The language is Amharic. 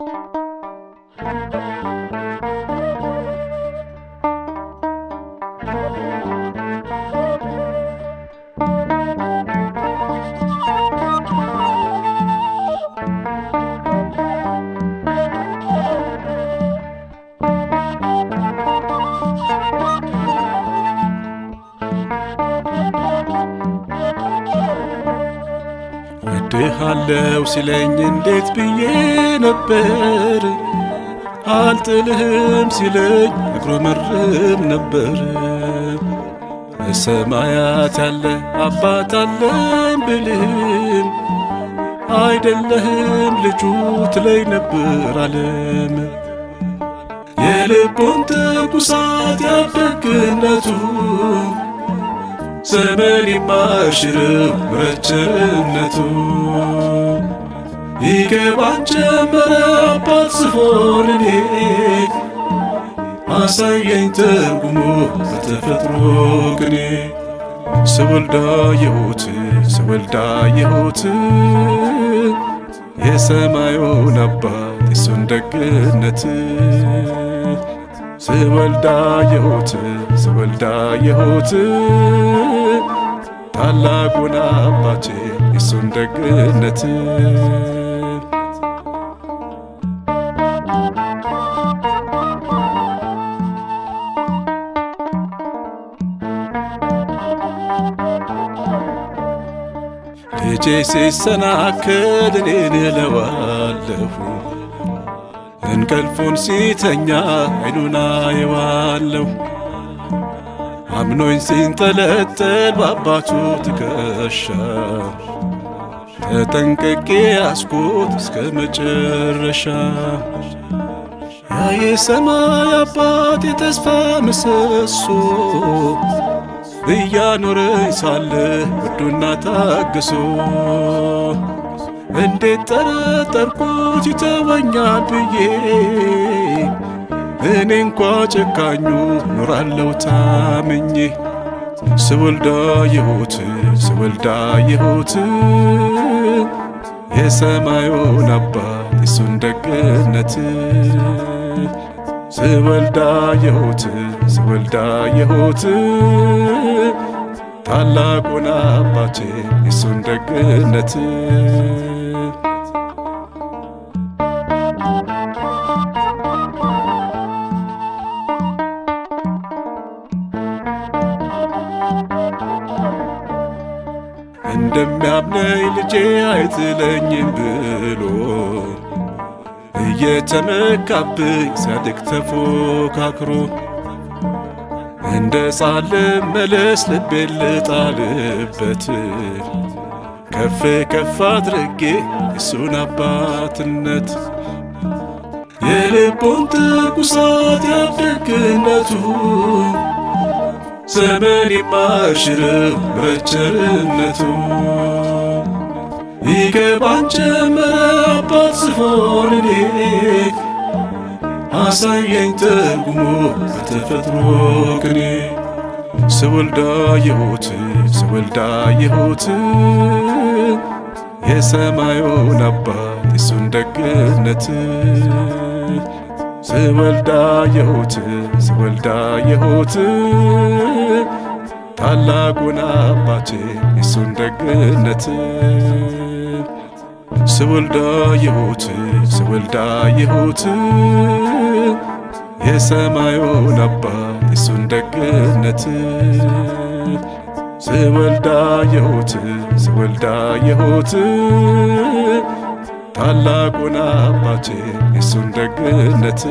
you እድሃለው ሲለኝ እንዴት ብዬ ነበር አልጥልህም ሲለኝ እጉረመርም ነበር። በሰማያት ያለ አባት አለን ብልህም አይደለህም ልጁ ትለይ ነበር አለም የልቦን ትኩሳት ያበግነቱ ዘመን የማይሽረው ምሕረት ቸርነቱ ይገባን ጀመረ አባት ጽፎን እኔን አሳየኝ ተርጉሞ በተፈጥሮ ቅኔ ስወልዳ የሆት ስወልዳ የሆት የሰማዩን አባት የሱን ደግነት ስወልዳ የሆት ስወልዳ የሆት ታላቁን አባችን የሱን ደግነት ልጄ ሲሰናከል እኔን እለዋለሁ እንቅልፉን ሲተኛ አይኑን አየዋለሁ አምኖኝ ሲንጠለጠል በአባቱ ትከሻ ተጠንቀቄ ያስኩት እስከ መጨረሻ ያየ ሰማይ አባት የተስፋ ምሰሶ እያኖረኝ ሳለ ውዱና ታግሶ እንዴት ጠረጠርኩት ይተወኛል ብዬ እኔ እንኳ ጨካኙ ኖራለው ታምኜ ስወልዳ የሆት ስወልዳ የሆት የሰማዩን አባት እሱን ደግነት ስወልዳ የሁት ስወልዳ የሁት ታላቁን አባቴ እሱን ደግነት እንደሚያምነኝ ልጄ አይጥለኝም ብሎ እየተመካብኝ ሲያድግ ተፎካክሮ እንደ ጻል መለስ ልቤ ልጣልበት ከፍ ከፍ አድርጌ እሱን አባትነት የልቦን ትኩሳት ያደግነቱ ዘመን የማይሽረው በቸርነቱ ይገባን ጀመረ አባት ስሆን እኔ አሳየኝ ተርጉሞ በተፈጥሮ ቅኔ ስወልዳ የሆት ስወልዳ የሆት የሰማዩን አባት የሱን ደግነት ስወልዳ የሁት ስወልዳ የሁት ታላቁን አባቴን የሱን ደግነት ስወልዳ የሁት ስወልዳ የሁት የሰማዩን አባት የሱን ደግነት ስወልዳ የሁት ስወልዳ የሁት ታላቁን አባቴ የሱን ደግነት